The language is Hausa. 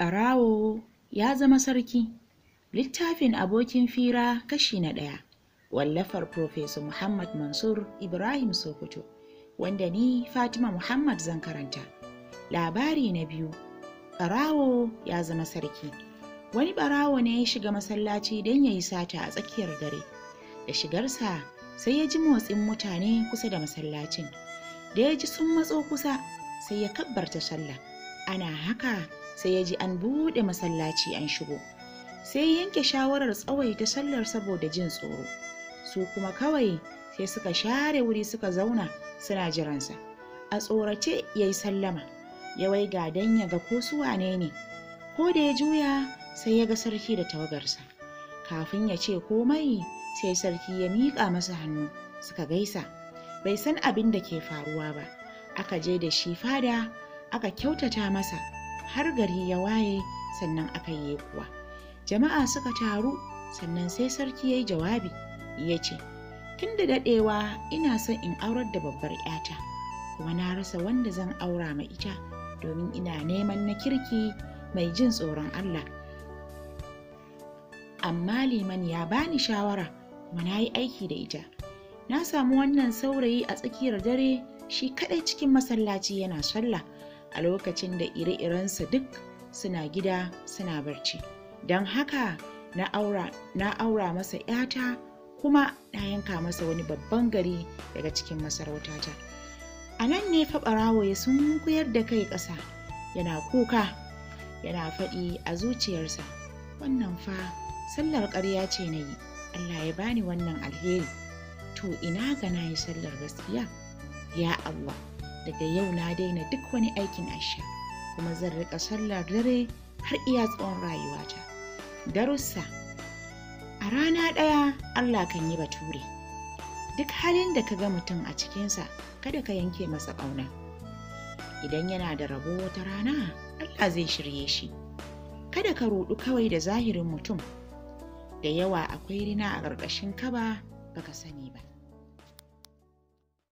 Ɓarawo ya zama sarki. Littafin abokin fira kashi na ɗaya. Wallafar Profesor Muhammad Mansur Ibrahim Sokoto, wanda ni Fatima Muhammad zan karanta. Labari na biyu. Ɓarawo ya zama sarki. Wani ɓarawo ne ya shiga masallaci don ya yi sata a tsakiyar dare. Da shigarsa sai ya ji motsin mutane kusa da masallacin. Da ya ji sun matso kusa sai ya kabbarta sallah. Ana haka sai ya ji an buɗe masallaci an shigo sai yanke shawarar tsawaita sallar saboda jin tsoro su kuma kawai sai suka share wuri suka zauna suna jiransa a tsorace ya yi sallama ya ga don ya ga ko su wane ne ko da ya juya sai ya ga sarki da tawagarsa kafin ya ce komai sai sarki ya miƙa masa hannu suka gaisa bai san abin da ke faruwa ba aka je da shi fada aka kyautata masa har gari ya waye sannan aka yi kuwa jama'a suka taru sannan sai sarki ya yi jawabi ya ce tun da daɗewa ina son in aurar da babbar 'yata kuma na rasa wanda zan aura ma ita domin ina neman na kirki mai jin tsoron Allah amma liman ya bani shawara kuma na yi aiki da ita na samu wannan saurayi a tsakiyar dare shi kaɗai cikin masallaci yana sallah a lokacin da ire-irensa duk suna gida suna barci don haka na aura, masa 'yata kuma na yanka masa wani babban gari daga cikin masarautata a nan ne faɓarawo ɓarawo ya sunkuyar da kai ƙasa yana kuka yana faɗi a zuciyarsa wannan fa sallar ƙarya ce na yi allah ya bani wannan alheri to ina ga na yi sallar gaskiya ya allah daga yau na daina duk wani aikin aisha kuma zan riƙa sallar dare har iya tsawon rayuwata darussa a rana ɗaya allah kan yi bature duk halin da ka ga mutum a cikinsa kada ka yanke masa ƙauna idan yana da rabo wata rana allah zai shirye shi kada ka ruɗu kawai da zahirin mutum da yawa akwai rina a ƙarƙashin kaba baka sani ba